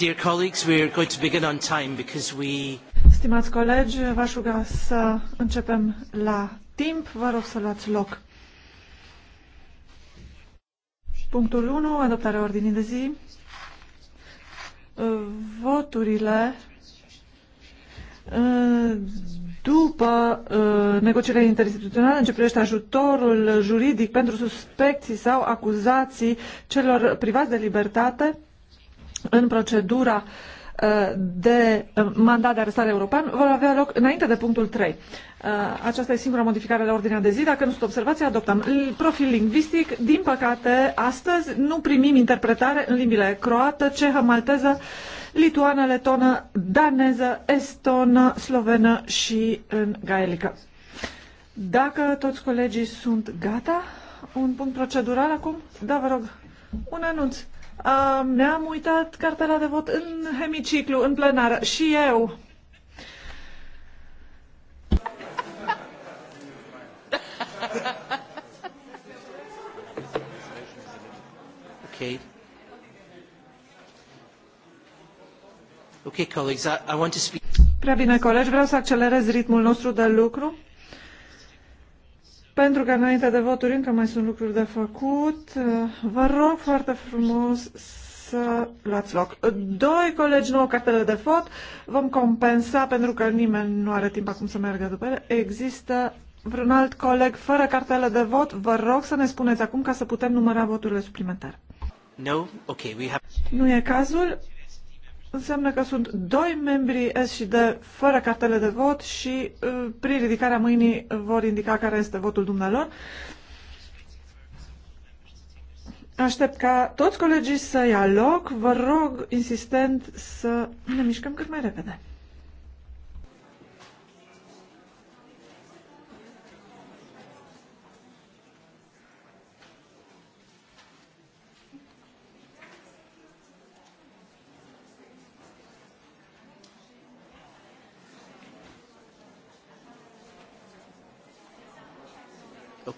Dear colleagues, we are going to begin on time because we... Stimați colegi, v-aș ruga să începem la timp. Vă rog să luați loc. Punctul 1, adoptarea ordinii de zi. Voturile uh, după uh, negocierile interinstituționale în ce privește ajutorul juridic pentru suspecții sau acuzații celor privați de libertate în procedura uh, de uh, mandat de arestare european vor avea loc înainte de punctul 3. Uh, aceasta e singura modificare la ordinea de zi. Dacă nu sunt observații, adoptăm. Profil lingvistic, din păcate, astăzi nu primim interpretare în limbile croată, cehă, malteză, lituană, letonă, daneză, estonă, slovenă și în gaelică. Dacă toți colegii sunt gata, un punct procedural acum? Da, vă rog, un anunț ne-am uitat cartela de vot în hemiciclu, în plenară. Și eu. Ok. Ok, colleagues, I, I want to speak. Prea bine, colegi, vreau să accelerez ritmul nostru de lucru pentru că înainte de voturi încă mai sunt lucruri de făcut. Uh, vă rog foarte frumos să luați loc. Doi colegi nu au cartele de vot. Vom compensa pentru că nimeni nu are timp acum să meargă după ele. Există vreun alt coleg fără cartele de vot? Vă rog să ne spuneți acum ca să putem număra voturile suplimentare. No? Okay, we have... Nu e cazul înseamnă că sunt doi membri S și D fără cartele de vot și uh, prin ridicarea mâinii vor indica care este votul dumnealor. Aștept ca toți colegii să ia loc. Vă rog insistent să ne mișcăm cât mai repede.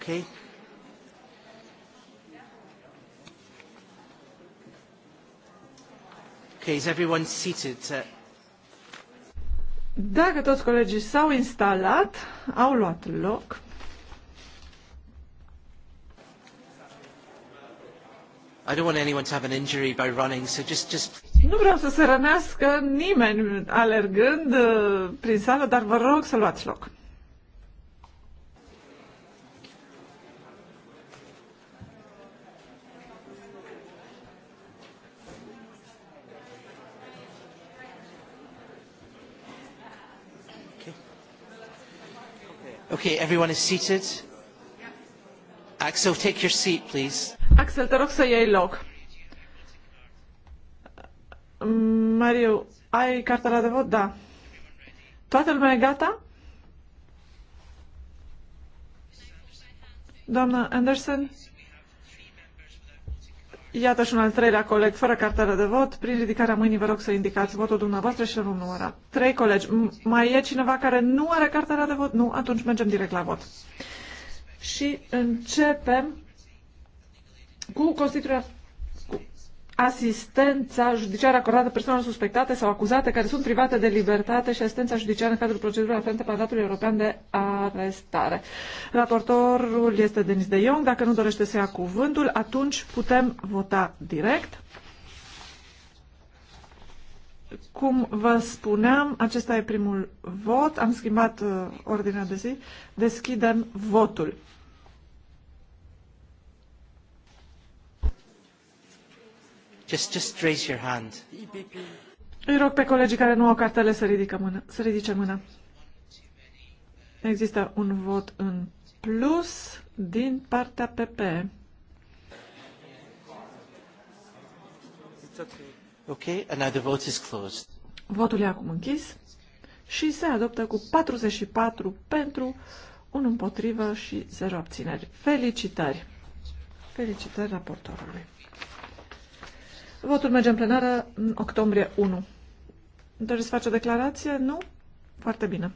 Okay. Okay, is everyone seated? Uh? Dacă toți colegii s-au instalat, au luat loc. I don't want anyone to have an injury by running, so just, just... Nu vreau să se rănească nimeni alergând uh, prin sală, dar vă rog să luați loc. Okay, everyone is seated. Axel, take your seat, please. Axel, te rog să iei loc. Mariu, ai cartela de vot? Da. Toată lumea e gata? Doamna Anderson, Iată și un al treilea coleg fără cartelă de vot. Prin ridicarea mâinii vă rog să indicați votul dumneavoastră și nu număra. Trei colegi. mai e cineva care nu are cartelă de vot? Nu? Atunci mergem direct la vot. Și începem cu constituirea asistența judiciară acordată persoanelor suspectate sau acuzate care sunt private de libertate și asistența judiciară în cadrul procedurii aferente mandatului european de arestare. Raportorul este Denis de Jong. Dacă nu dorește să ia cuvântul, atunci putem vota direct. Cum vă spuneam, acesta e primul vot. Am schimbat uh, ordinea de zi. Deschidem votul. Just, just raise your hand. Îi rog pe colegii care nu au cartele să, ridică mână, să ridice mâna. Există un vot în plus din partea PP. Okay, and now the vote is closed. Votul e acum închis și se adoptă cu 44 pentru, un împotrivă și 0 abțineri. Felicitări! Felicitări raportorului! Votul merge în plenară în octombrie 1. Doriți să faci o declarație? Nu? Foarte bine.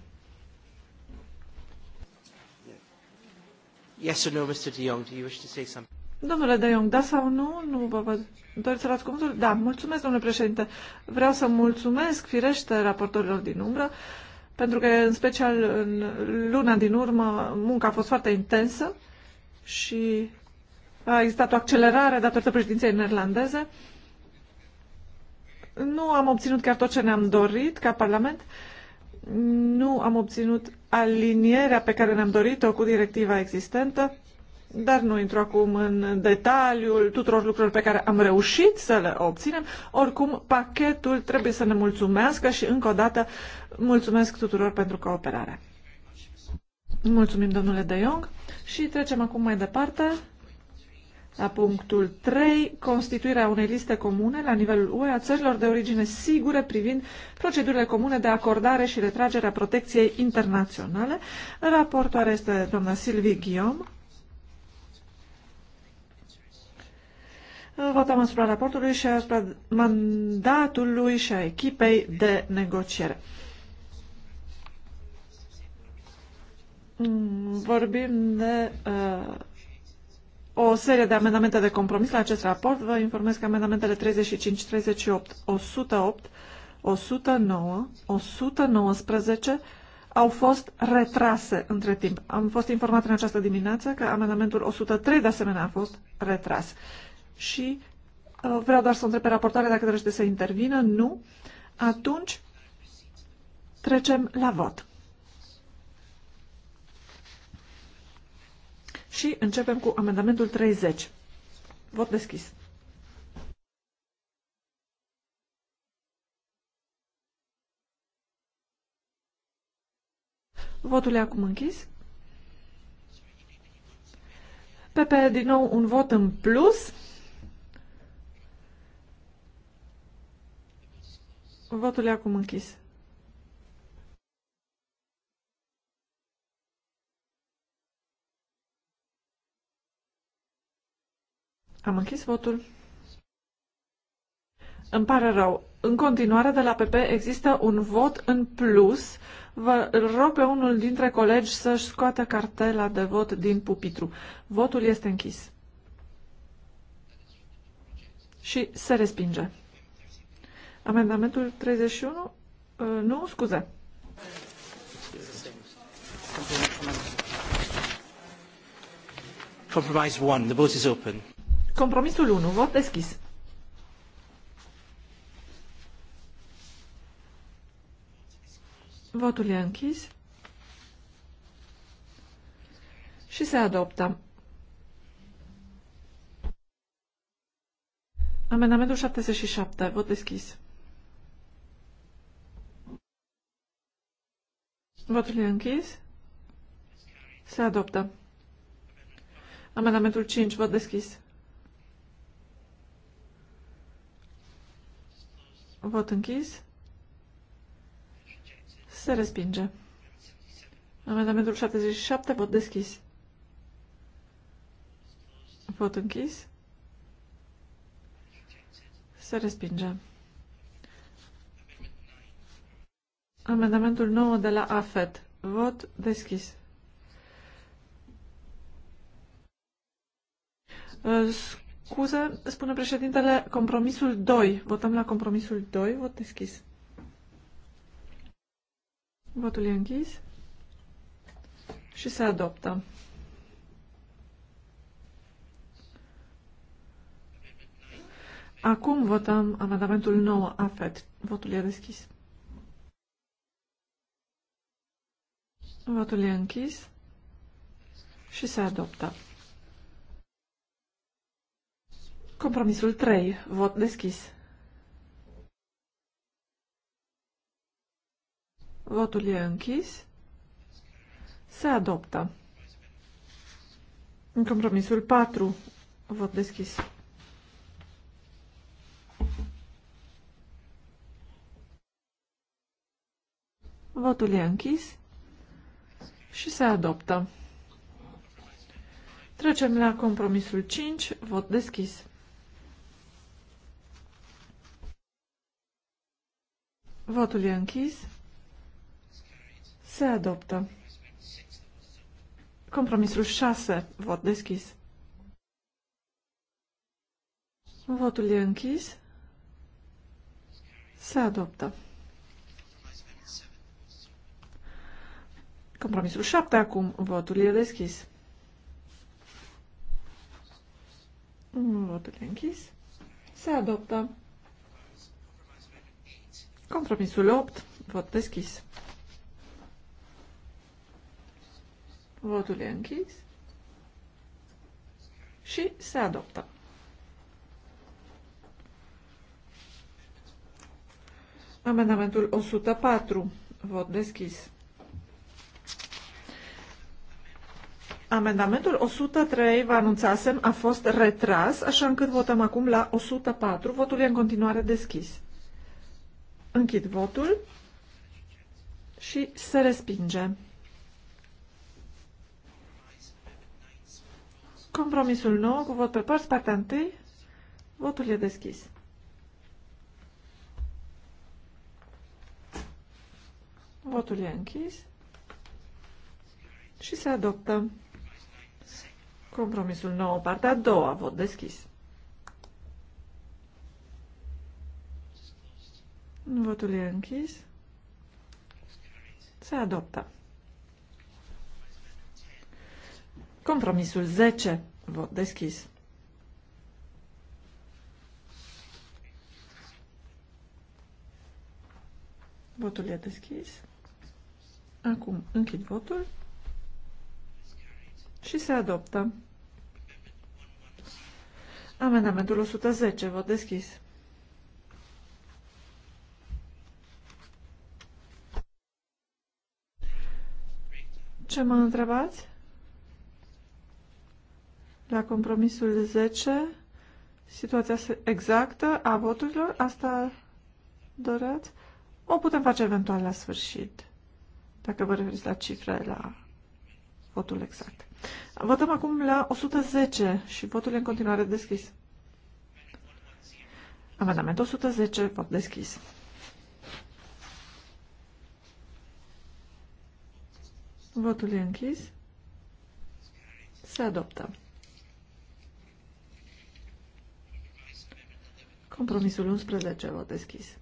Yes or no, Mr. De Jong, do you wish to say something? Domnule De Jong, da sau nu? Nu vă văd. Doriți să luați cuvântul? Da, mulțumesc, domnule președinte. Vreau să mulțumesc, firește, raportorilor din umbră, pentru că, în special, în luna din urmă, munca a fost foarte intensă și a existat o accelerare datorită președinției neerlandeze nu am obținut chiar tot ce ne-am dorit ca Parlament, nu am obținut alinierea pe care ne-am dorit-o cu directiva existentă, dar nu intru acum în detaliul tuturor lucrurilor pe care am reușit să le obținem. Oricum, pachetul trebuie să ne mulțumească și încă o dată mulțumesc tuturor pentru cooperare. Mulțumim, domnule De Jong, și trecem acum mai departe la punctul 3, constituirea unei liste comune la nivelul UE a țărilor de origine sigure privind procedurile comune de acordare și retragerea protecției internaționale. Raportoare este doamna Silvie Guillaume. Votăm asupra raportului și asupra mandatului și a echipei de negociere. Vorbim de uh, o serie de amendamente de compromis la acest raport. Vă informez că amendamentele 35, 38, 108, 109, 119 au fost retrase între timp. Am fost informat în această dimineață că amendamentul 103 de asemenea a fost retras. Și uh, vreau doar să întreb pe raportare dacă dorește să intervină. Nu. Atunci trecem la vot. Și începem cu amendamentul 30. Vot deschis. Votul e acum închis. Pepe, din nou un vot în plus. Votul e acum închis. Am închis votul. Îmi pare rău. În continuare, de la PP există un vot în plus. Vă rog pe unul dintre colegi să-și scoată cartela de vot din pupitru. Votul este închis. Și se respinge. Amendamentul 31? Uh, nu, scuze. Compromise 1. The vote is open. Compromisul 1. Vot deschis. Votul e închis. Și se adoptă. Amendamentul 77. Vot deschis. Votul e închis. Se adoptă. Amendamentul 5. Vot deschis. Vot închis. Se respinge. Amendamentul 77, vot deschis. Vot închis. Se respinge. Amendamentul 9 de la AFET. Vot deschis. Uh, scuze, spune președintele, compromisul 2. Votăm la compromisul 2, vot deschis. Votul e închis și se adoptă. Acum votăm amendamentul 9, AFET. Votul e deschis. Votul e închis și se adoptă. Compromisul 3. Vot deschis. Votul e închis. Se adoptă. În compromisul 4, vot deschis. Votul e închis și se adoptă. Trecem la compromisul 5, vot deschis. Votul e închis. Se adoptă. Compromisul 6. Vot deschis. Votul e închis. Se adoptă. Compromisul 7 acum. Votul e deschis. Votul e închis. Se adoptă. Compromisul 8, vot deschis. Votul e închis și se adoptă. Amendamentul 104, vot deschis. Amendamentul 103, vă anunțasem, a fost retras, așa încât votăm acum la 104. Votul e în continuare deschis. Închid votul și se respinge. Compromisul nou cu vot pe părți, partea întâi, votul e deschis. Votul e închis și se adoptă compromisul nou, partea a doua, vot deschis. Votul e închis. Se adoptă. Compromisul 10. Vot deschis. Votul e deschis. Acum închid votul și se adoptă. Amendamentul 110. Vot deschis. ce mă întrebați? La compromisul 10, situația exactă a voturilor, asta doreați? O putem face eventual la sfârșit, dacă vă referiți la cifre, la votul exact. Votăm acum la 110 și votul e în continuare deschis. Amendament 110, vot deschis. Votul e închis. Se adoptă. Compromisul 11, vot deschis.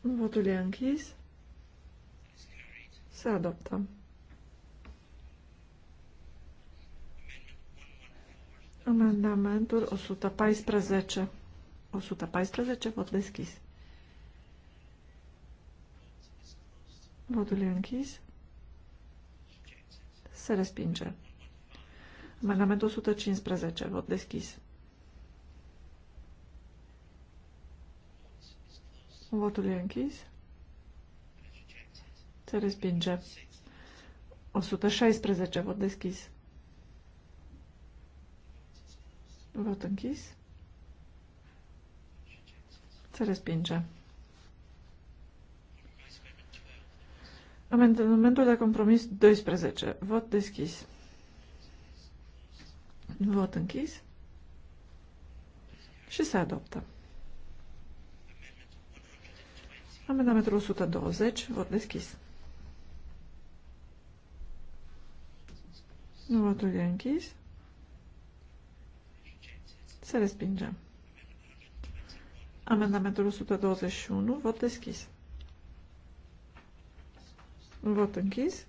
Votul e închis. Se adoptă. Amendamentul 114. 114, vot deschis. Votul e închis. Se respinge. Amendament 115. Vot deschis. Votul e închis. Se respinge. 116. Vot deschis. Vot închis. Se respinge. Amendamentul de compromis 12. Vot deschis. Vot închis. Și se adoptă. Amendamentul 120. Vot deschis. Votul e închis. Se respinge. Amendamentul 121. Vot deschis. Vot închis.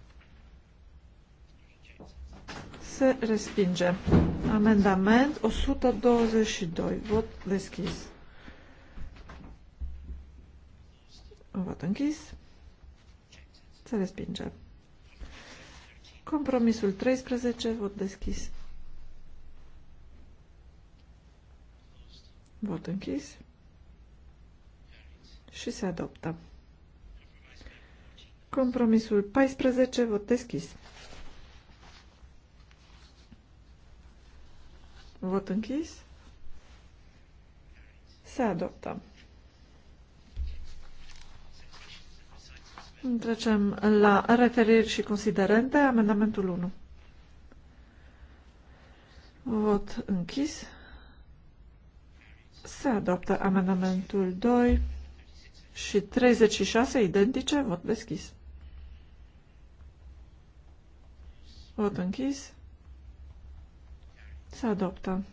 Se respinge. Amendament 122. Vot deschis. Vot închis. Se respinge. Compromisul 13. Vot deschis. Vot închis. Și se adoptă. Compromisul 14, vot deschis. Vot închis. Se adoptă. Trecem la referiri și considerente. Amendamentul 1. Vot închis. Se adoptă amendamentul 2 și 36 identice. Vot deschis. Vot închis. Se adoptă.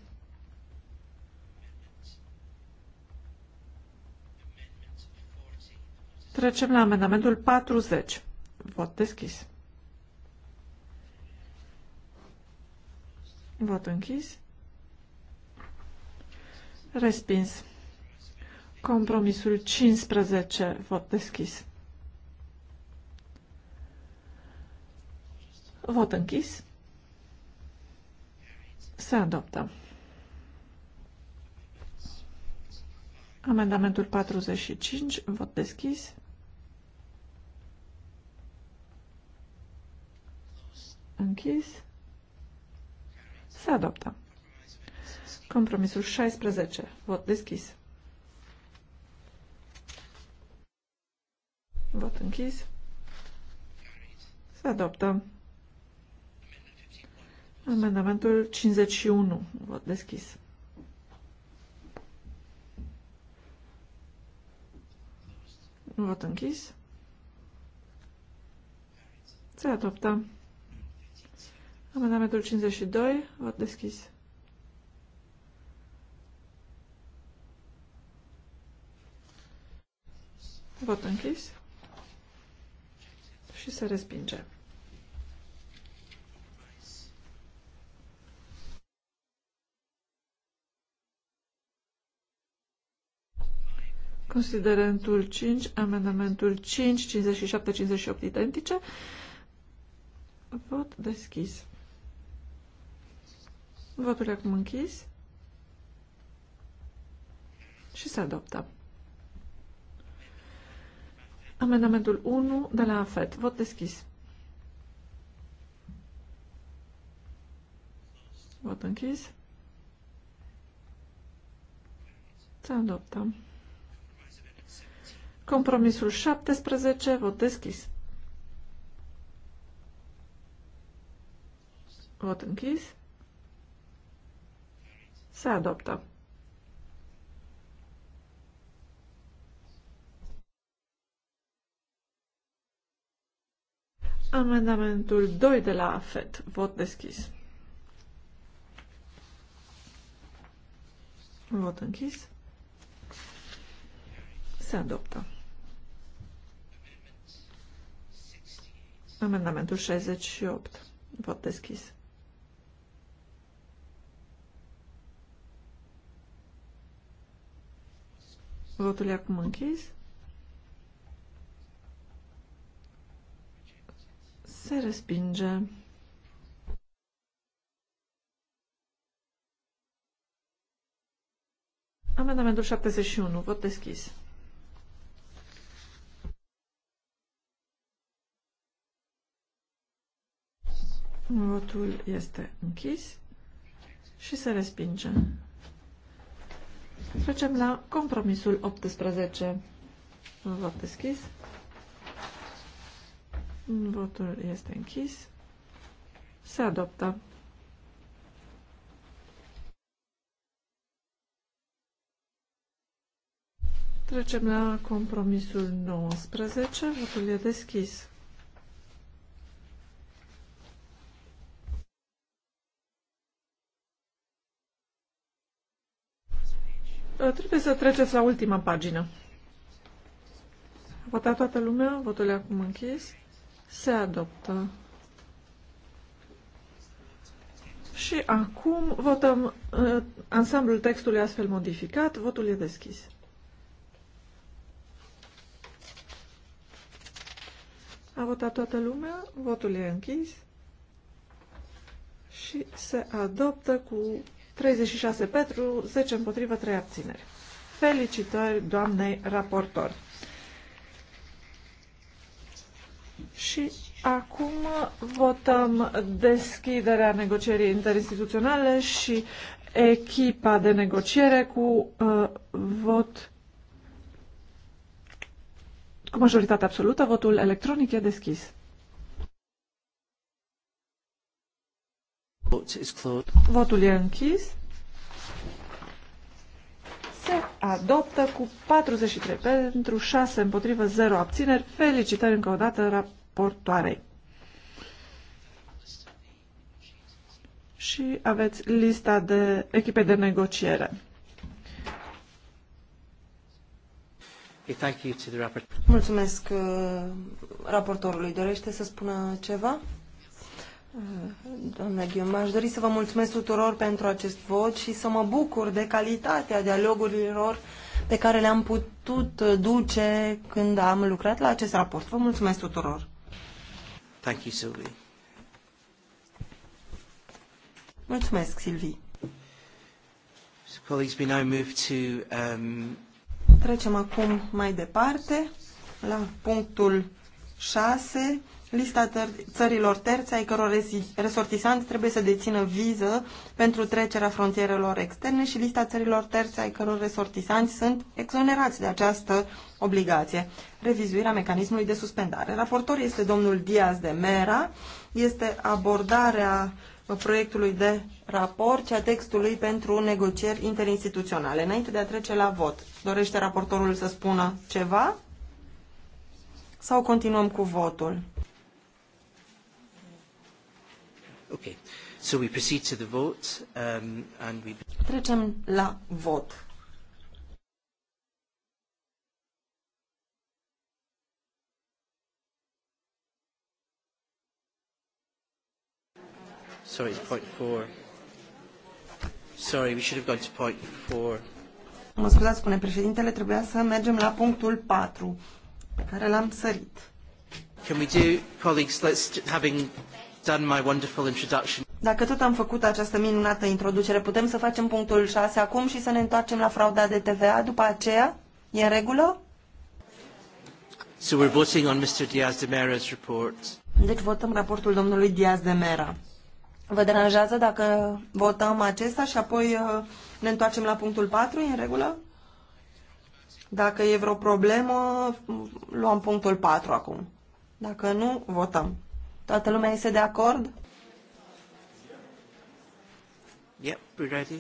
Trecem la amendamentul 40. Vot deschis. Vot închis. Respins. Compromisul 15. Vot deschis. Vot închis. Se adoptă. Amendamentul 45, vot deschis. Închis. Se adoptă. Compromisul 16, vot deschis. Vot închis. Se adoptă. Amendamentul 51. Vot deschis. Vot închis. Se adoptă. Amendamentul 52. Vot deschis. Vot închis. Și se respinge. Considerentul 5, amendamentul 5, 57, 58 identice. Vot deschis. Votul e acum închis. Și se adoptă. Amendamentul 1 de la AFET. Vot deschis. Vot închis. Se adoptă. Compromisul 17, vot deschis. Vot închis. Se adoptă. Amendamentul 2 de la AFET. Vot deschis. Vot închis. Se adoptă. Amendamentul 68. Vot deschis. Votul e acum închis. Se respinge. Amendamentul 71. Vot deschis. Votul este închis și se respinge. Trecem la compromisul 18. Vot deschis. Votul este închis. Se adoptă. Trecem la compromisul 19. Votul e deschis. Eh, trebuie să treceți la ultima pagină. A votat toată lumea, votul e acum închis. Se adoptă. Și acum votăm uh, ansamblul textului astfel modificat. Votul e deschis. A votat toată lumea, votul e închis și se adoptă cu 36 pentru, 10 împotrivă, 3 abțineri. Felicitări doamnei raportor. Și acum votăm deschiderea negocierii interinstituționale și echipa de negociere cu uh, vot cu majoritate absolută. Votul electronic e deschis. Votul e închis. Se adoptă cu 43 pentru 6 împotrivă 0 abțineri. Felicitări încă o dată raportoarei. Și aveți lista de echipe de negociere. Mulțumesc uh, raportorului. Dorește să spună ceva? Doamna Ghiom, aș dori să vă mulțumesc tuturor pentru acest vot și să mă bucur de calitatea dialogurilor pe care le-am putut duce când am lucrat la acest raport. Vă mulțumesc tuturor! Thank you, Sylvie. Mulțumesc, Silvi. So, colleagues, we now move to, um... Trecem acum mai departe la punctul 6, lista țărilor terțe ai căror resortisanți trebuie să dețină viză pentru trecerea frontierelor externe și lista țărilor terțe ai căror resortisanți sunt exonerați de această obligație. Revizuirea mecanismului de suspendare. Raportor este domnul Diaz de Mera, este abordarea proiectului de raport și a textului pentru negocieri interinstituționale. Înainte de a trece la vot, dorește raportorul să spună ceva? Sau continuăm cu votul? Okay. So we proceed to the vote um, and we... Trecem la vot. Sorry, it's point four. Sorry, we should have gone to point four. Mă scuzați, spune președintele, trebuia să mergem la punctul 4, pe care l-am sărit. Can we do, colleagues, let's, having done my wonderful introduction. Dacă tot am făcut această minunată introducere, putem să facem punctul 6 acum și să ne întoarcem la frauda de TVA după aceea? E în regulă? So we're voting on Mr. Diaz de Mera's report. Deci votăm raportul domnului Diaz de Mera. Vă deranjează dacă votăm acesta și apoi uh, ne întoarcem la punctul 4? E în regulă? Dacă e vreo problemă, mm, luăm punctul 4 acum. Dacă nu, votăm. Toată lumea este de acord? Yep, we're ready.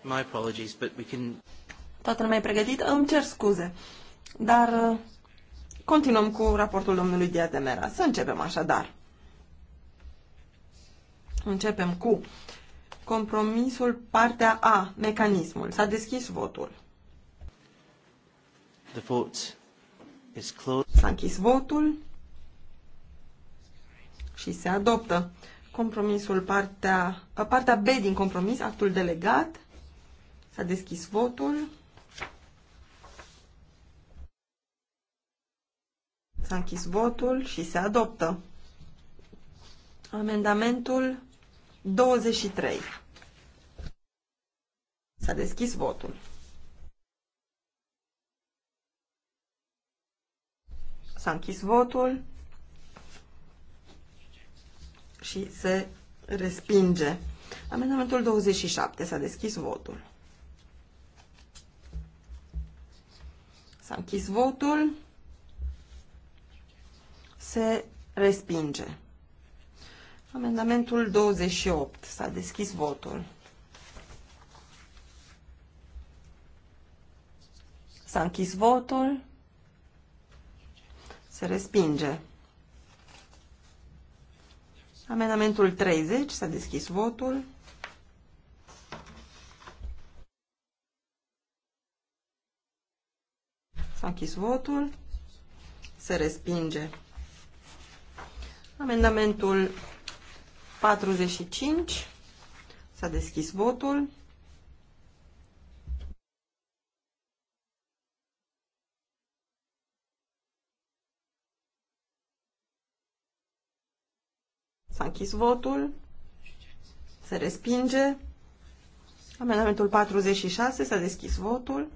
My apologies, but we can... Toată lumea e pregătită? Îmi cer scuze. Dar uh, continuăm cu raportul domnului Diaz de Mera. Să începem așadar. Începem cu compromisul partea A, mecanismul. S-a deschis votul. The vote S-a închis votul și se adoptă compromisul partea, partea B din compromis, actul delegat. S-a deschis votul. S-a închis votul și se adoptă. Amendamentul 23. S-a deschis votul. S-a închis votul și se respinge. Amendamentul 27. S-a deschis votul. S-a închis votul. Se respinge. Amendamentul 28. S-a deschis votul. S-a închis votul. Se respinge. Amendamentul 30. S-a deschis votul. S-a închis votul. Se respinge. Amendamentul 45. S-a deschis votul. S-a închis votul. Se respinge. Amendamentul 46. S-a deschis votul.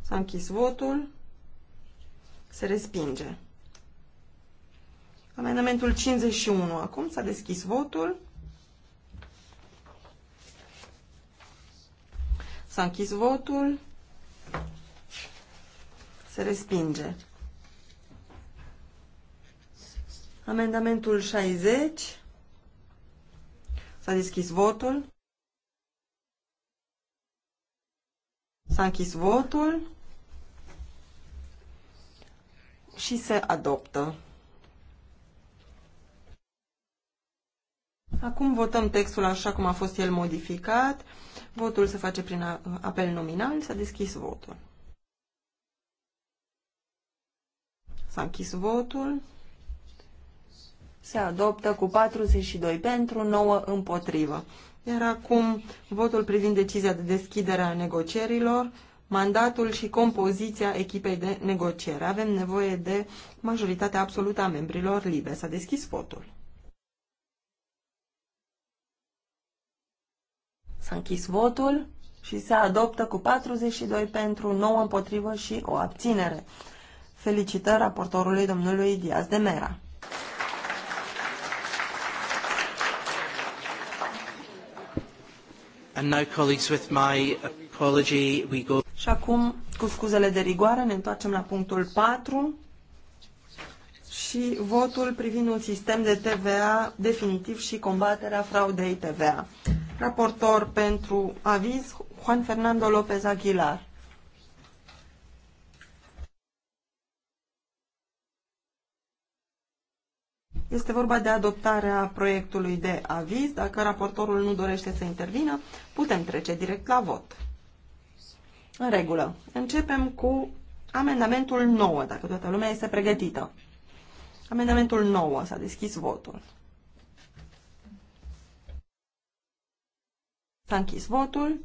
S-a închis votul. Se respinge. Amendamentul 51. Acum s-a deschis votul. S-a închis votul. Se respinge. Amendamentul 60. S-a deschis votul. S-a închis votul. Și se adoptă. Acum votăm textul așa cum a fost el modificat. Votul se face prin apel nominal. S-a deschis votul. S-a închis votul se adoptă cu 42 pentru, 9 împotrivă. Iar acum votul privind decizia de deschidere a negocierilor, mandatul și compoziția echipei de negociere. Avem nevoie de majoritatea absolută a membrilor libe. S-a deschis votul. S-a închis votul și se adoptă cu 42 pentru, 9 împotrivă și o abținere. Felicitări raportorului domnului Diaz de Mera. And now, colleagues, with my apology, we go... Și acum, cu scuzele de rigoare, ne întoarcem la punctul 4 și votul privind un sistem de TVA definitiv și combaterea fraudei TVA. Raportor pentru aviz, Juan Fernando López Aguilar. Este vorba de adoptarea proiectului de aviz. Dacă raportorul nu dorește să intervină, putem trece direct la vot. În regulă. Începem cu amendamentul 9, dacă toată lumea este pregătită. Amendamentul 9. S-a deschis votul. S-a închis votul.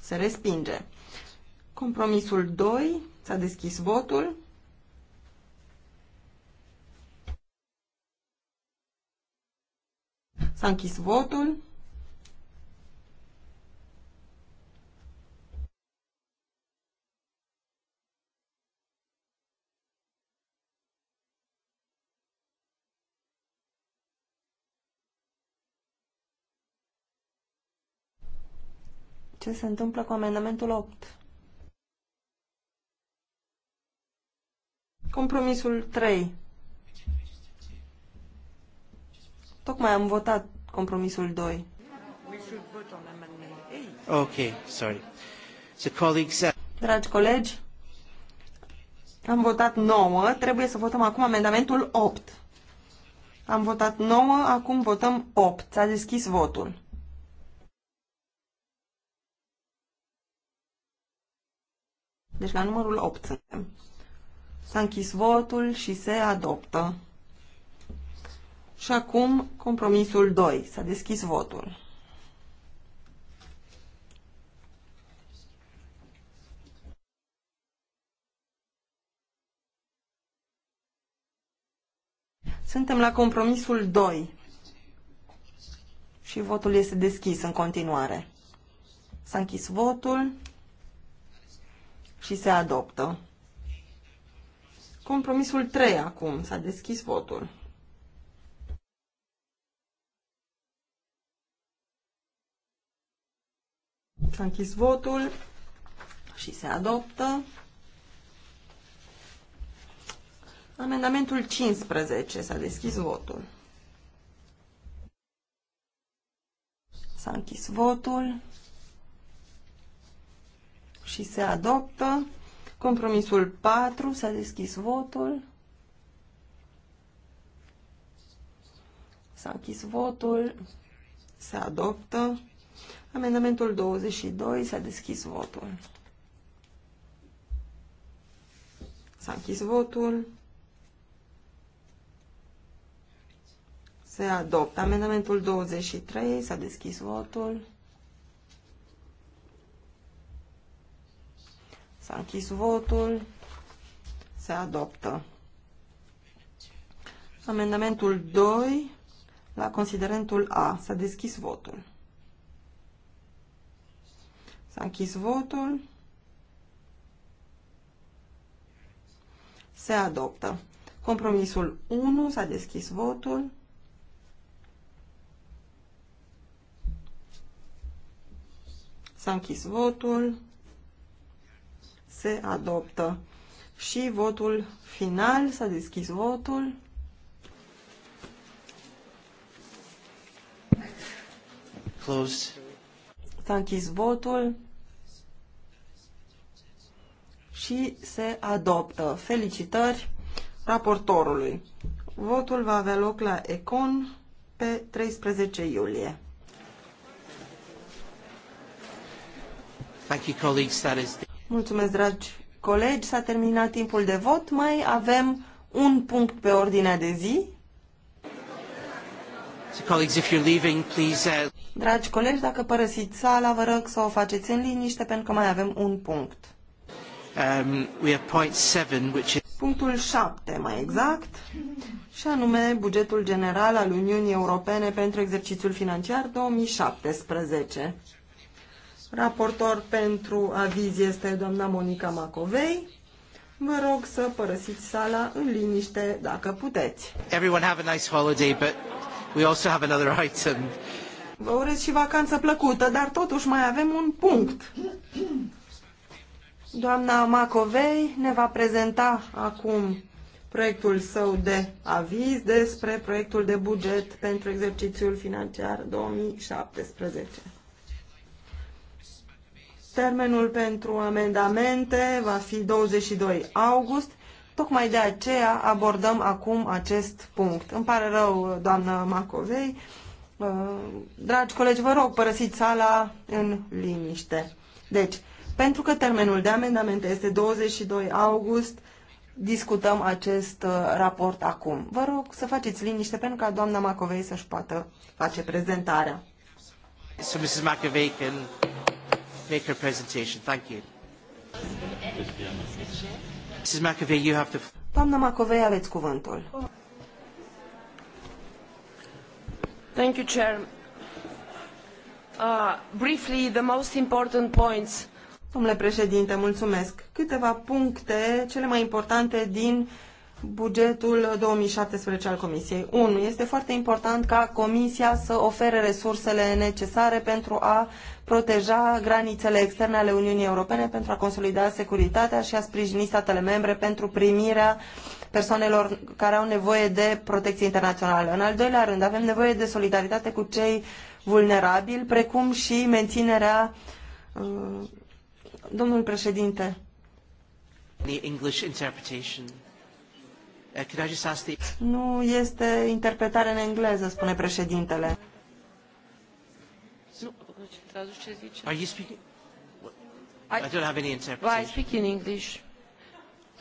Se respinge. Compromisul 2. S-a deschis votul. S-a închis votul. Ce se întâmplă cu amendamentul 8? Compromisul 3. Tocmai am votat compromisul 2. Ok, sorry. So colleagues... uh... Dragi colegi, am votat 9, trebuie să votăm acum amendamentul 8. Am votat 9, acum votăm 8. S-a deschis votul. Deci la numărul 8 suntem. S-a închis votul și se adoptă. Și acum compromisul 2. S-a deschis votul. Suntem la compromisul 2. Și votul este deschis în continuare. S-a închis votul și se adoptă. Compromisul 3 acum. S-a deschis votul. S-a închis votul și se adoptă. Amendamentul 15. S-a deschis votul. S-a închis votul și se adoptă. Compromisul 4. S-a deschis votul. S-a închis votul. Se adoptă. Amendamentul 22 s-a deschis votul. S-a închis votul. Se adoptă. Amendamentul 23 s-a deschis votul. S-a închis votul. Se adoptă. Amendamentul 2 la considerentul A. S-a deschis votul. S-a închis votul. Se adoptă. Compromisul 1. S-a deschis votul. S-a închis votul. Se adoptă. Și votul final. S-a deschis votul. Closed. S-a închis votul și se adoptă. Felicitări raportorului. Votul va avea loc la Econ pe 13 iulie. Mulțumesc, dragi colegi. S-a terminat timpul de vot. Mai avem un punct pe ordinea de zi. Uh, dragi colegi, dacă părăsiți sala, vă rog să o faceți în liniște pentru că mai avem un punct. Um, we have point seven, which is... Punctul 7, mai exact, și anume bugetul general al Uniunii Europene pentru exercițiul financiar 2017. Raportor pentru aviz este doamna Monica Macovei. Vă rog să părăsiți sala în liniște dacă puteți. Everyone have a nice holiday, but we also have another item. Vă urez și vacanță plăcută, dar totuși mai avem un punct. Doamna Macovei ne va prezenta acum proiectul său de aviz despre proiectul de buget pentru exercițiul financiar 2017. Termenul pentru amendamente va fi 22 august. Tocmai de aceea abordăm acum acest punct. Îmi pare rău, doamnă Macovei. Uh, dragi colegi, vă rog, părăsiți sala în liniște. Deci, pentru că termenul de amendamente este 22 august, discutăm acest uh, raport acum. Vă rog să faceți liniște pentru ca doamna Macovei să-și poată face prezentarea. So Mrs. McAvey can make her presentation. Thank you. Mrs. McAvey, you have to... Doamna Macovei, aveți cuvântul. Thank you, Chair. Uh, briefly, the most important points Domnule președinte, mulțumesc. Câteva puncte, cele mai importante din bugetul 2017 al Comisiei. 1. Este foarte important ca Comisia să ofere resursele necesare pentru a proteja granițele externe ale Uniunii Europene, pentru a consolida securitatea și a sprijini statele membre pentru primirea persoanelor care au nevoie de protecție internațională. În al doilea rând, avem nevoie de solidaritate cu cei vulnerabili, precum și menținerea uh, Domnul președinte. The English interpretation. Uh, could I just ask the... Nu este interpretare în engleză, spune președintele. Are you speaking? I, I don't have any interpretation. Well, I speak in English.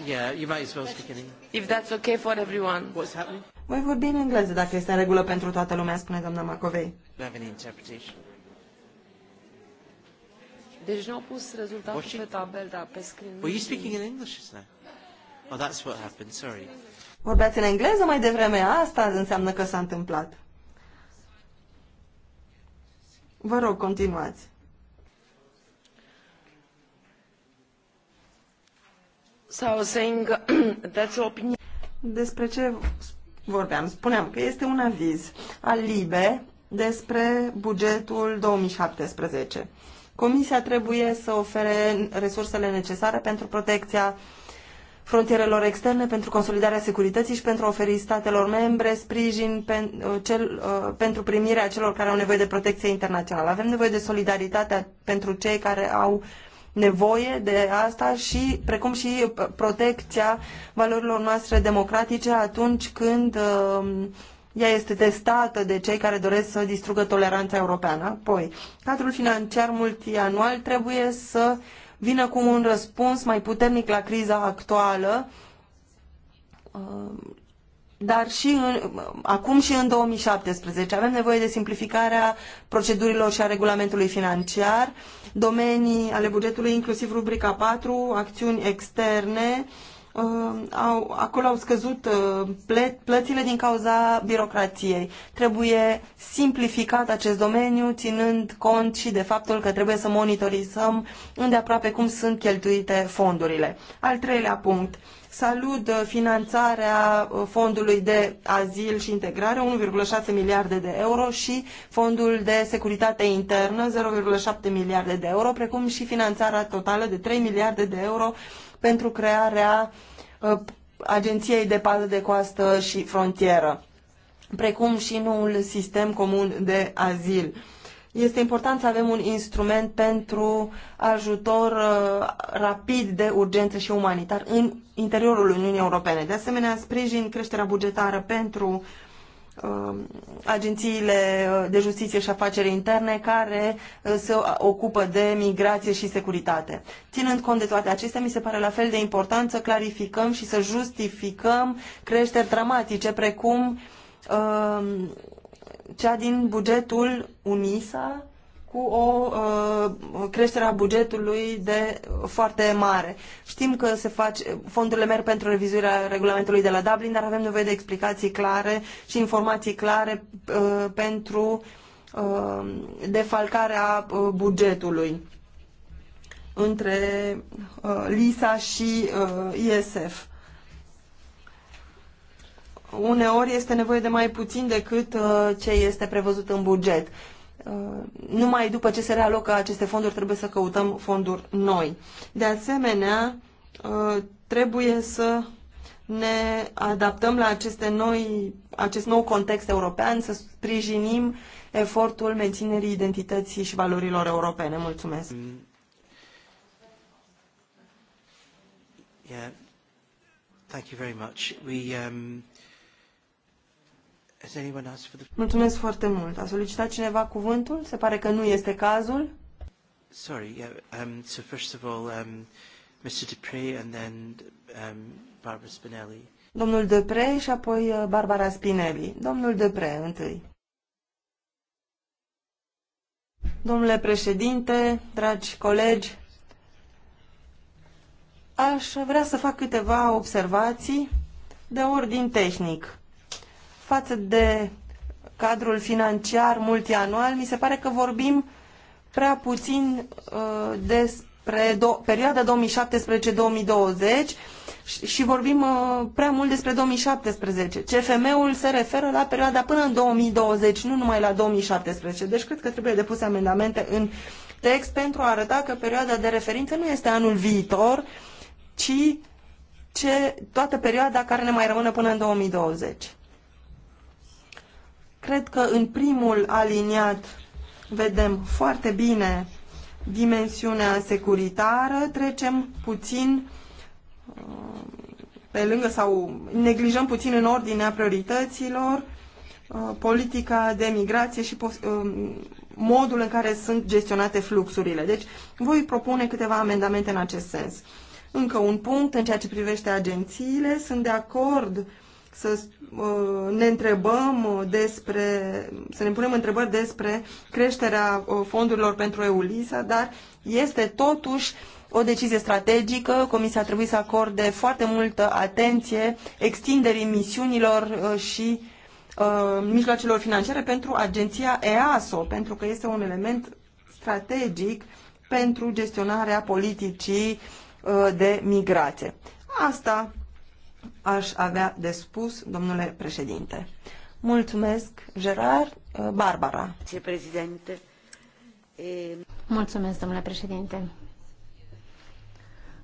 Yeah, you might as well speak in English. If that's okay for everyone. What's happening? Voi vorbi în engleză dacă este în regulă pentru toată lumea, spune doamna Macovei. don't have any interpretation. Deci nu au pus rezultatul pe tabel, dar pe screen. Were you speaking in English just now? Oh, that's what happened, sorry. Vorbeați în engleză mai devreme, asta înseamnă că s-a întâmplat. Vă rog, continuați. So saying that's opinion. Despre ce vorbeam? Spuneam că este un aviz al LIBE despre bugetul 2017. Comisia trebuie să ofere resursele necesare pentru protecția frontierelor externe, pentru consolidarea securității și pentru a oferi statelor membre sprijin pen, uh, cel, uh, pentru primirea celor care au nevoie de protecție internațională. Avem nevoie de solidaritate pentru cei care au nevoie de asta și precum și protecția valorilor noastre democratice atunci când uh, ea este testată de cei care doresc să distrugă toleranța europeană. Apoi, cadrul financiar multianual trebuie să vină cu un răspuns mai puternic la criza actuală, uh, dar și în, uh, acum și în 2017. Avem nevoie de simplificarea procedurilor și a regulamentului financiar, domenii ale bugetului, inclusiv rubrica 4, acțiuni externe, uh, Uh, au, acolo au scăzut uh, plă- plățile din cauza birocrației. Trebuie simplificat acest domeniu, ținând cont și de faptul că trebuie să monitorizăm îndeaproape cum sunt cheltuite fondurile. Al treilea punct. Salut uh, finanțarea fondului de azil și integrare, 1,6 miliarde de euro și fondul de securitate internă, 0,7 miliarde de euro, precum și finanțarea totală de 3 miliarde de euro pentru crearea uh, Agenției de Pază de Coastă și Frontieră, precum și noul sistem comun de azil. Este important să avem un instrument pentru ajutor uh, rapid de urgență și umanitar în interiorul Uniunii Europene. De asemenea, sprijin creșterea bugetară pentru Um, agențiile uh, de justiție și afaceri interne care uh, se ocupă de migrație și securitate. Ținând cont de toate acestea, mi se pare la fel de important să clarificăm și să justificăm creșteri dramatice, precum uh, cea din bugetul UNISA, cu o uh, creștere a bugetului de foarte mare. Știm că se face, fondurile merg pentru revizuirea regulamentului de la Dublin, dar avem nevoie de explicații clare și informații clare uh, pentru uh, defalcarea uh, bugetului între uh, LISA și uh, ISF uneori este nevoie de mai puțin decât uh, ce este prevăzut în buget. Uh, numai după ce se realocă aceste fonduri trebuie să căutăm fonduri noi. De asemenea, uh, trebuie să ne adaptăm la aceste noi, acest nou context european, să sprijinim efortul menținerii identității și valorilor europene. Mulțumesc! Mm. Yeah. Thank you very much. We, um... Mulțumesc foarte mult. A solicitat cineva cuvântul? Se pare că nu este cazul. Sorry, yeah. Um, so first of all, um, Mr. Dupre and then um, Barbara Spinelli. Domnul Dupre și apoi uh, Barbara Spinelli. Domnul Dupre întâi. Domnule președinte, dragi colegi, aș vrea să fac câteva observații de ordin tehnic față de cadrul financiar multianual, mi se pare că vorbim prea puțin uh, despre do- perioada 2017-2020 și, și vorbim uh, prea mult despre 2017. CFM-ul se referă la perioada până în 2020, nu numai la 2017. Deci cred că trebuie depuse amendamente în text pentru a arăta că perioada de referință nu este anul viitor, ci ce, toată perioada care ne mai rămâne până în 2020. Cred că în primul aliniat vedem foarte bine dimensiunea securitară, trecem puțin uh, pe lângă sau neglijăm puțin în ordinea priorităților uh, politica de migrație și uh, modul în care sunt gestionate fluxurile. Deci voi propune câteva amendamente în acest sens. Încă un punct în ceea ce privește agențiile. Sunt de acord să Uh, ne întrebăm uh, despre, să ne punem întrebări despre creșterea uh, fondurilor pentru EULISA, dar este totuși o decizie strategică. Comisia a trebuit să acorde foarte multă atenție extinderii misiunilor și uh, mijloacelor financiare pentru agenția EASO, pentru că este un element strategic pentru gestionarea politicii uh, de migrație. Asta aș avea de spus, domnule președinte. Mulțumesc, Gerard. Uh, Barbara. Președinte. Mulțumesc, domnule președinte.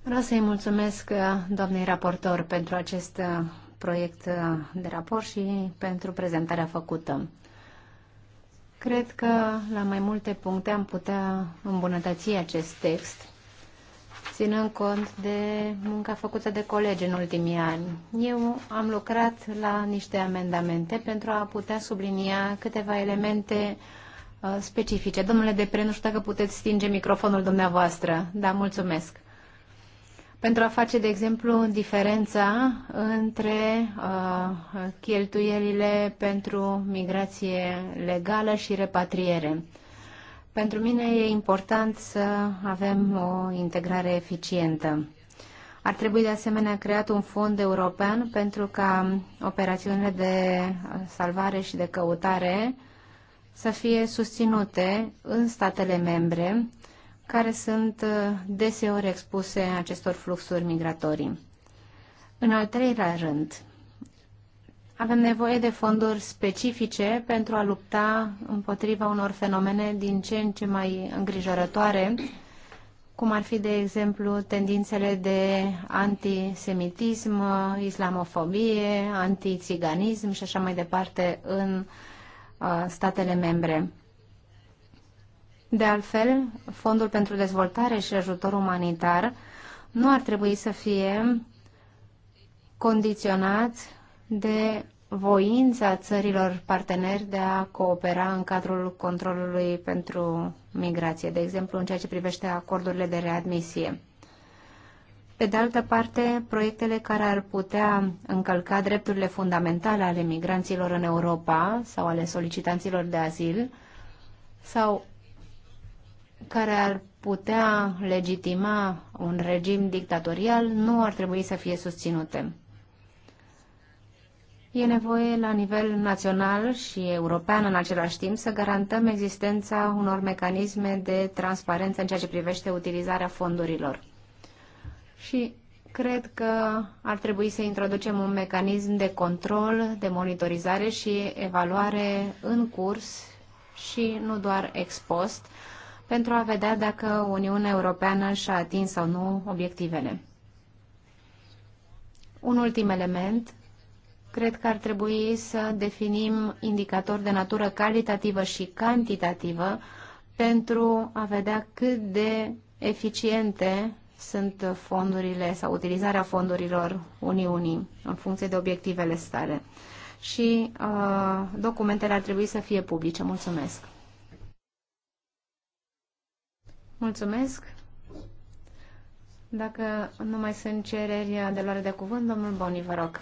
Vreau să-i mulțumesc uh, doamnei raportor pentru acest uh, proiect de raport și pentru prezentarea făcută. Cred că la mai multe puncte am putea îmbunătăți acest text ținând cont de munca făcută de colegi în ultimii ani. Eu am lucrat la niște amendamente pentru a putea sublinia câteva elemente uh, specifice. Domnule Depre, nu știu dacă puteți stinge microfonul dumneavoastră. Da, mulțumesc. Pentru a face, de exemplu, diferența între uh, cheltuielile pentru migrație legală și repatriere. Uh, pentru mine e important să avem o integrare eficientă. Ar trebui de asemenea creat un fond european pentru ca operațiunile de salvare și de căutare să fie susținute în statele membre care sunt uh, deseori expuse acestor fluxuri migratorii. În al treilea rând, avem nevoie de fonduri specifice pentru a lupta împotriva unor fenomene din ce în ce mai îngrijorătoare, cum ar fi, de exemplu, tendințele de antisemitism, islamofobie, antiziganism și așa mai departe în uh, statele membre. De altfel, Fondul pentru Dezvoltare și Ajutor Umanitar nu ar trebui să fie condiționat de voința țărilor parteneri de a coopera în cadrul controlului pentru migrație, de exemplu în ceea ce privește acordurile de readmisie. Pe de altă parte, proiectele care ar putea încălca drepturile fundamentale ale migranților în Europa sau ale solicitanților de azil sau care ar putea legitima un regim dictatorial nu ar trebui să fie susținute. E nevoie la nivel național și european în același timp să garantăm existența unor mecanisme de transparență în ceea ce privește utilizarea fondurilor. Și cred că ar trebui să introducem un mecanism de control, de monitorizare și evaluare în curs și nu doar ex post, pentru a vedea dacă Uniunea Europeană și-a atins sau nu obiectivele. Un ultim element cred că ar trebui să definim indicatori de natură calitativă și cantitativă pentru a vedea cât de eficiente sunt fondurile sau utilizarea fondurilor Uniunii în funcție de obiectivele stare. Și uh, documentele ar trebui să fie publice. Mulțumesc! Mulțumesc! Dacă nu mai sunt cereri de luare de cuvânt, domnul Boni, vă rog.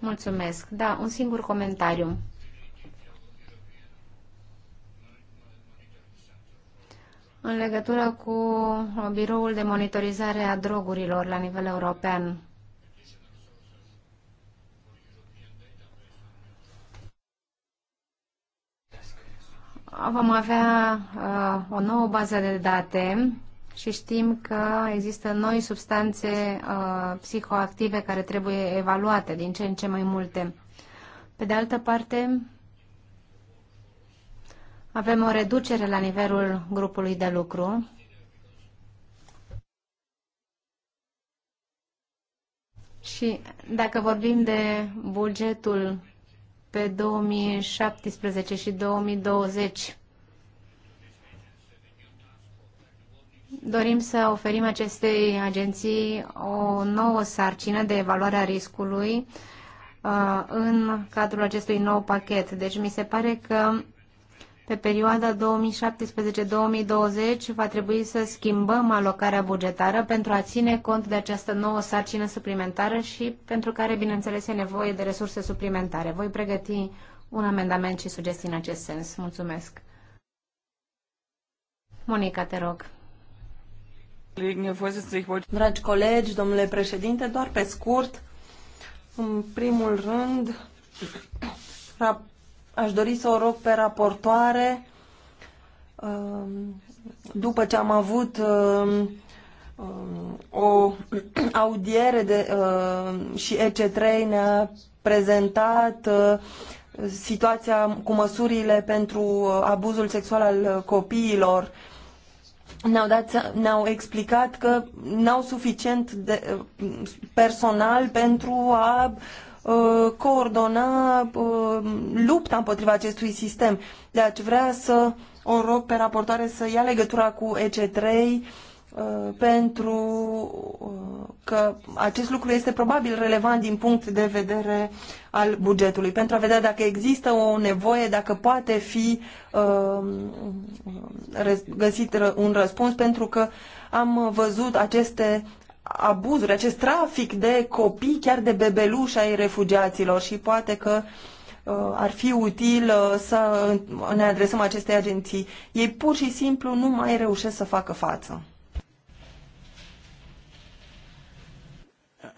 Mulțumesc. Da, un singur comentariu. În legătură cu Biroul de Monitorizare a Drogurilor la nivel european, vom avea uh, o nouă bază de date și știm că există noi substanțe uh, psihoactive care trebuie evaluate din ce în ce mai multe. Pe de altă parte, avem o reducere la nivelul grupului de lucru. Și dacă vorbim de bugetul pe 2017 și 2020, Dorim să oferim acestei agenții o nouă sarcină de evaluare a riscului uh, în cadrul acestui nou pachet. Deci mi se pare că pe perioada 2017-2020 va trebui să schimbăm alocarea bugetară pentru a ține cont de această nouă sarcină suplimentară și pentru care, bineînțeles, e nevoie de resurse suplimentare. Voi pregăti un amendament și sugestii în acest sens. Mulțumesc. Monica, te rog. Dragi colegi, domnule președinte, doar pe scurt, în primul rând, aș dori să o rog pe raportoare, um, după ce am avut um, um, o audiere de, și EC3 ne-a prezentat uh, situația cu măsurile pentru uh, abuzul sexual al uh, copiilor, ne-au, dat, ne-au explicat că n-au suficient de personal pentru a uh, coordona uh, lupta împotriva acestui sistem. Deci vrea să o rog pe raportoare să ia legătura cu EC3 uh, pentru uh, că acest lucru este probabil relevant din punct de vedere al bugetului, pentru a vedea dacă există o nevoie, dacă poate fi uh, găsit un răspuns, pentru că am văzut aceste abuzuri, acest trafic de copii, chiar de bebeluși ai refugiaților și poate că uh, ar fi util uh, să ne adresăm acestei agenții. Ei pur și simplu nu mai reușesc să facă față.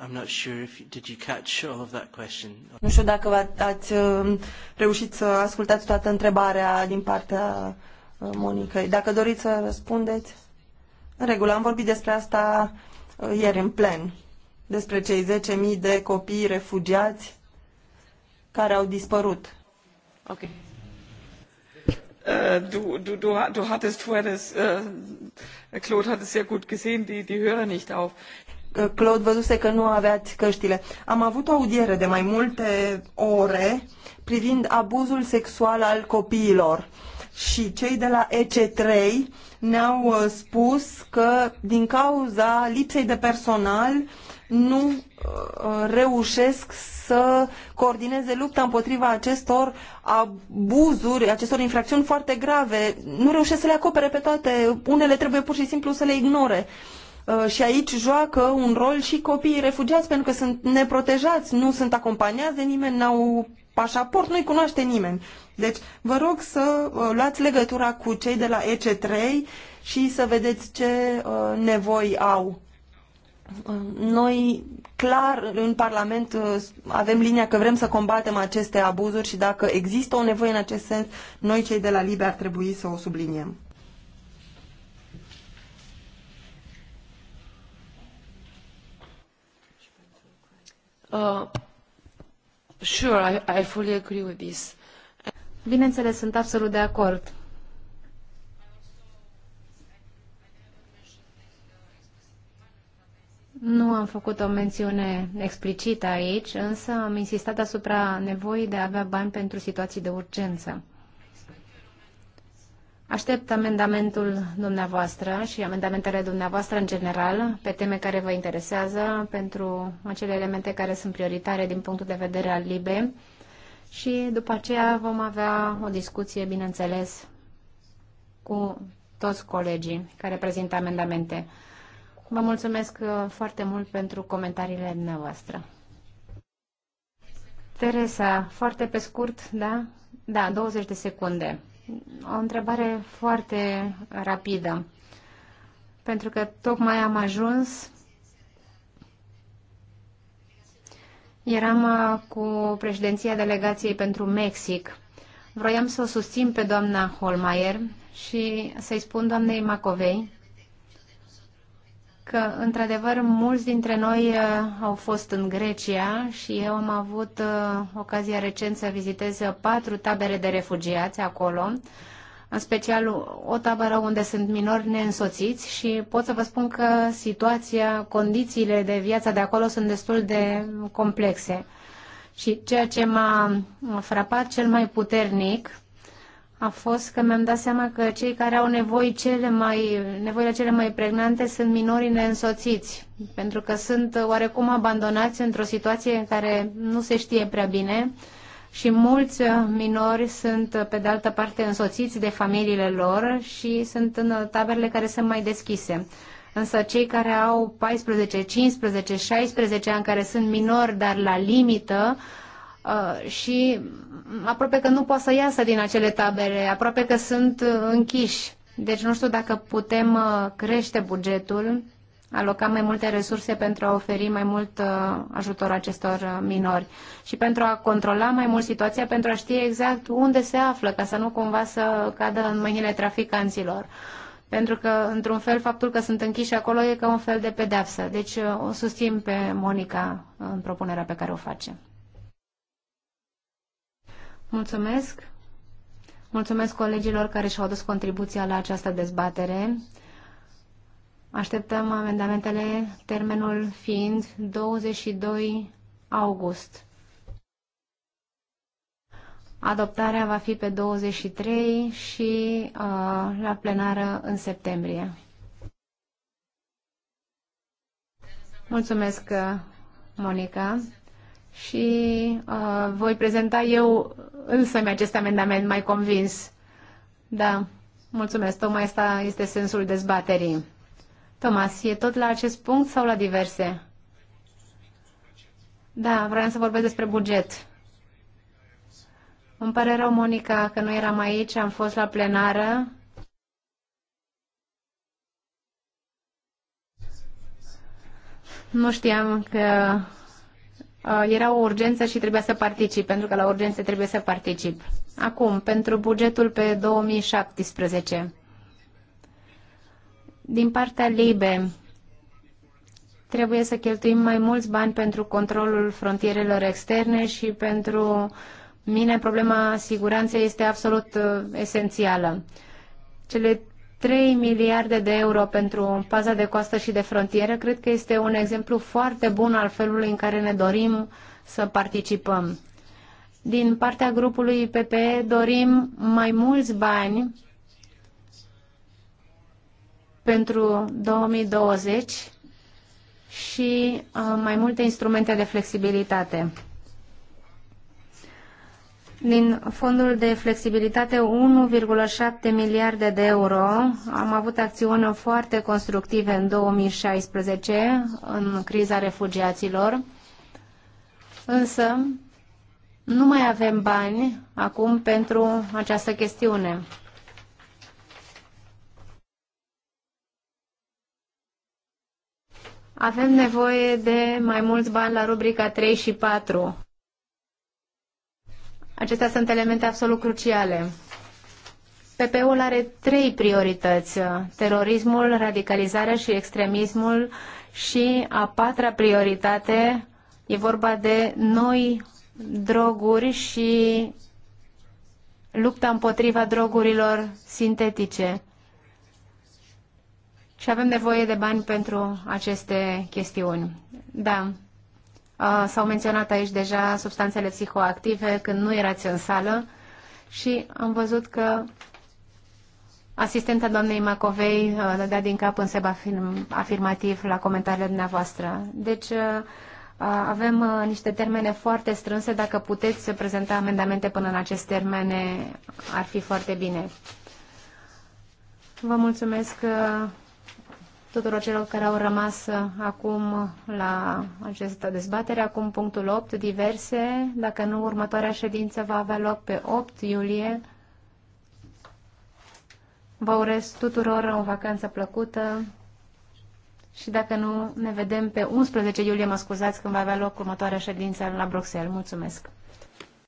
I'm not sure if did you catch all of that question. Nu știu dacă ați um, reușit să ascultați toată întrebarea din partea uh, Monicăi. Dacă doriți să răspundeți, în regulă, am vorbit despre asta uh, ieri în plen, despre cei 10.000 de copii refugiați care au dispărut. Ok. Uh, du, du, du, du hattest vorher das, äh, Claude hat es sehr gut gesehen, die, die Hörer nicht auf. Claude, văzuse că nu aveați căștile. Am avut o audiere de mai multe ore privind abuzul sexual al copiilor și cei de la EC3 ne-au uh, spus că din cauza lipsei de personal nu uh, reușesc să coordineze lupta împotriva acestor abuzuri, acestor infracțiuni foarte grave. Nu reușesc să le acopere pe toate. Unele trebuie pur și simplu să le ignore. Uh, Uh, și aici joacă un rol și copiii refugiați pentru că sunt neprotejați, nu sunt acompaniați de nimeni, n-au pașaport, nu-i cunoaște nimeni. Deci vă rog să uh, luați legătura cu cei de la EC3 și să vedeți ce uh, nevoi au. Noi, clar, în Parlament avem linia că vrem să combatem aceste abuzuri și dacă există o nevoie în acest sens, noi cei de la Libe ar trebui să o subliniem. Uh, sure, I, I fully agree with this. Bineînțeles, sunt absolut de acord. Nu am făcut o mențiune explicită aici, însă am insistat asupra nevoii de a avea bani pentru situații de urgență. Aștept amendamentul dumneavoastră și amendamentele dumneavoastră în general pe teme care vă interesează pentru acele elemente care sunt prioritare din punctul de vedere al LIBE și după aceea vom avea o discuție, bineînțeles, cu toți colegii care prezintă amendamente. Vă mulțumesc uh, foarte mult pentru comentariile dumneavoastră. Teresa, foarte pe scurt, da? Da, 20 de secunde. O întrebare foarte rapidă, pentru că tocmai am ajuns Eram uh, cu președinția delegației pentru Mexic. Vroiam să o susțin pe doamna Holmeier și să-i spun doamnei Macovei că, într-adevăr, mulți dintre noi uh, au fost în Grecia și eu am avut uh, ocazia recent să vizitez uh, patru tabere de refugiați acolo, în special o tabără unde sunt minori neînsoțiți și pot să vă spun că situația, condițiile de viață de acolo sunt destul de complexe. Și ceea ce m-a frapat cel mai puternic a fost că mi-am dat seama că cei care au nevoi cele mai, nevoile cele mai pregnante sunt minorii neînsoțiți, pentru că sunt oarecum abandonați într-o situație în care nu se știe prea bine și mulți minori sunt, pe de altă parte, însoțiți de familiile lor și sunt în taberele care sunt mai deschise. Însă cei care au 14, 15, 16 ani, care sunt minori, dar la limită, uh, Uh, și aproape că nu poate să iasă din acele tabere, aproape că sunt uh, închiși. Deci nu știu dacă putem uh, crește bugetul, aloca mai multe resurse pentru a oferi mai mult ajutor acestor minori și pentru a controla mai mult situația, pentru a ști exact unde se află, ca să nu cumva să cadă în mâinile traficanților. Pentru că, într-un fel, faptul că sunt închiși acolo e ca un fel de pedeapsă. Deci o susțin pe Monica în propunerea pe care o face. Mulțumesc. Mulțumesc colegilor care și-au adus contribuția la această dezbatere. Așteptăm amendamentele, termenul fiind 22 august. Adoptarea va fi pe 23 și uh, la plenară în septembrie. Mulțumesc, uh, Monica și uh, voi prezenta eu însă acest amendament mai convins. Da, mulțumesc. Tocmai asta este sensul dezbaterii. Tomas, e tot la acest punct sau la diverse? Da, vreau să vorbesc despre buget. Îmi pare rău, Monica, că nu eram aici, am fost la plenară. Nu știam că Uh, era o urgență și trebuia să particip, pentru că la urgențe trebuie să particip. Acum, pentru bugetul pe 2017, din partea LIBE, trebuie să cheltuim mai mulți bani pentru controlul frontierelor externe și pentru mine problema siguranței este absolut uh, esențială. Cele 3 miliarde de euro pentru paza de coastă și de frontieră, cred că este un exemplu foarte bun al felului în care ne dorim să participăm. Din partea grupului PPE dorim mai mulți bani pentru 2020 și uh, mai multe instrumente de flexibilitate din fondul de flexibilitate 1,7 miliarde de euro. Am avut acțiuni foarte constructive în 2016 în criza refugiaților, însă nu mai avem bani acum pentru această chestiune. Avem nevoie de mai mulți bani la rubrica 3 și 4. Acestea sunt elemente absolut cruciale. PPU ul are trei priorități, terorismul, radicalizarea și extremismul și a patra prioritate e vorba de noi droguri și lupta împotriva drogurilor sintetice. Și avem nevoie de bani pentru aceste chestiuni. Da, S-au menționat aici deja substanțele psihoactive când nu erați în sală și am văzut că asistenta doamnei Macovei uh, dădea din cap în seba afirm, afirmativ la comentariile dumneavoastră. Deci uh, uh, avem niște termene foarte strânse. Dacă puteți să prezenta amendamente până în aceste termene, ar fi foarte bine. Vă mulțumesc tuturor celor care au rămas uh, acum uh, la această dezbatere. Acum punctul 8, diverse. Dacă nu, următoarea ședință va avea loc pe 8 iulie. Vă urez tuturor o vacanță plăcută și dacă nu, ne vedem pe 11 iulie, mă scuzați, când va avea loc următoarea ședință la Bruxelles. Mulțumesc!